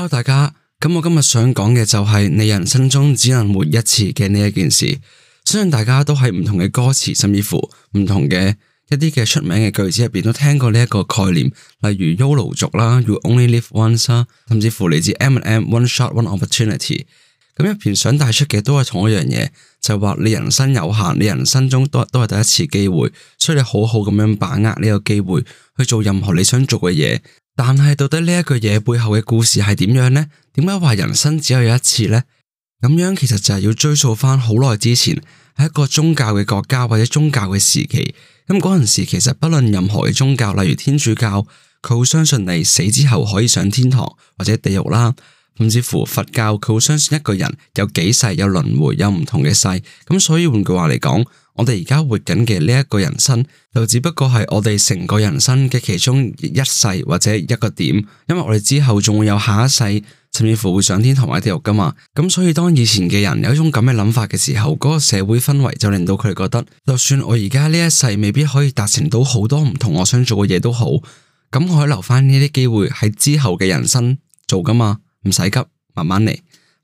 Hello 大家咁，我今日想講嘅就係你人生中只能活一次嘅呢一件事。相信大家都喺唔同嘅歌詞，甚至乎唔同嘅一啲嘅出名嘅句子入邊都聽過呢一個概念，例如 Yolo 族啦，You Only Live Once 啦，甚至乎嚟自 M and M One Shot One Opportunity。咁入邊想帶出嘅都係同一樣嘢，就係話你人生有限，你人生中都都係第一次機會，所以你好好咁樣把握呢個機會去做任何你想做嘅嘢。但係到底呢一句嘢背後嘅故事係點樣呢？點解話人生只有一次呢？咁樣其實就係要追溯翻好耐之前，喺一個宗教嘅國家或者宗教嘅時期。咁嗰陣時其實不論任何嘅宗教，例如天主教，佢會相信你死之後可以上天堂或者地獄啦。甚至乎佛教，佢會相信一個人有幾世，有輪迴，有唔同嘅世。咁所以換句話嚟講。我哋而家活緊嘅呢一個人生，就只不過係我哋成個人生嘅其中一世或者一個點，因為我哋之後仲會有下一世，甚至乎會上天堂或者地獄噶嘛。咁、嗯、所以當以前嘅人有一種咁嘅諗法嘅時候，嗰、個社會氛圍就令到佢哋覺得，就算我而家呢一世未必可以達成到好多唔同我想做嘅嘢都好，咁、嗯、我可以留返呢啲機會喺之後嘅人生做噶嘛，唔使急，慢慢嚟。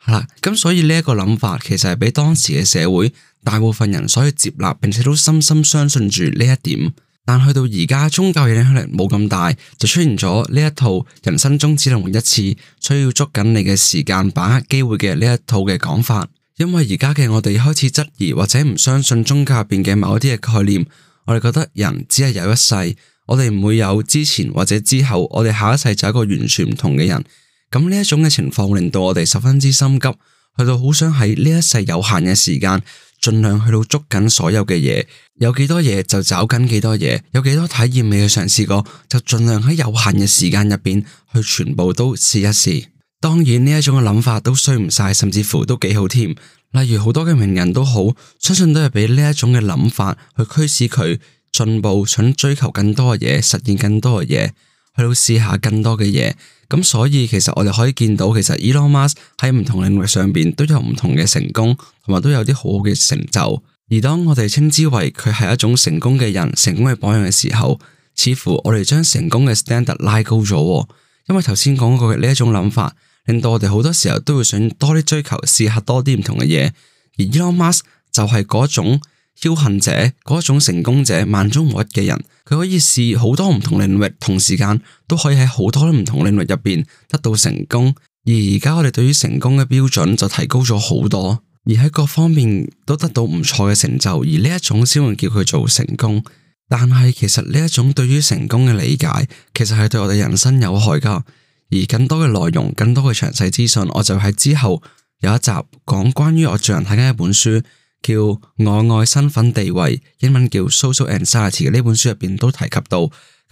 係啦，咁、嗯、所以呢一個諗法其實係俾當時嘅社會大部分人所以接納，並且都深深相信住呢一點。但去到而家，宗教嘅影響力冇咁大，就出現咗呢一套人生中只能活一次，需要捉緊你嘅時間，把握機會嘅呢一套嘅講法。因為而家嘅我哋開始質疑或者唔相信宗教入邊嘅某一啲嘅概念，我哋覺得人只係有一世，我哋唔會有之前或者之後，我哋下一世就係一個完全唔同嘅人。咁呢一種嘅情況，令到我哋十分之心急，去到好想喺呢一世有限嘅時間，盡量去到捉緊所有嘅嘢，有幾多嘢就找緊幾多嘢，有幾多體驗未去嘗試過，就盡量喺有限嘅時間入邊，去全部都試一試。當然呢一種嘅諗法都衰唔晒，甚至乎都幾好添。例如好多嘅名人都好，相信都係畀呢一種嘅諗法去驅使佢進步，想追求更多嘅嘢，實現更多嘅嘢。去到試下更多嘅嘢，咁所以其實我哋可以見到，其實 Elon Musk 喺唔同領域上邊都有唔同嘅成功，同埋都有啲好好嘅成就。而當我哋稱之為佢係一種成功嘅人、成功嘅榜樣嘅時候，似乎我哋將成功嘅 standard 拉高咗喎。因為頭先講過嘅呢一種諗法，令到我哋好多時候都會想多啲追求，試下多啲唔同嘅嘢。而 Elon Musk 就係嗰種。僥倖者嗰種成功者萬中無一嘅人，佢可以試好多唔同領域，同時間都可以喺好多唔同領域入邊得到成功。而而家我哋對於成功嘅標準就提高咗好多，而喺各方面都得到唔錯嘅成就。而呢一種先會叫佢做成功。但係其實呢一種對於成功嘅理解，其實係對我哋人生有害噶。而更多嘅內容，更多嘅詳細資訊，我就喺之後有一集講關於我最近睇緊一本書。叫我愛身分地位，英文叫 Social Anxiety 嘅呢本書入面都提及到，咁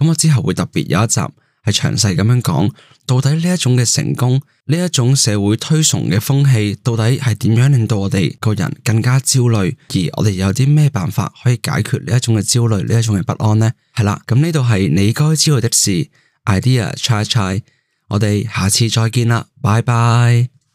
我之後會特別有一集係詳細咁樣講，到底呢一種嘅成功，呢一種社會推崇嘅風氣，到底係點樣令到我哋個人更加焦慮，而我哋有啲咩辦法可以解決呢一種嘅焦慮，呢一種嘅不安呢？係啦，咁呢度係你該知道的事，ideas try1try，我哋下次再見啦，拜拜。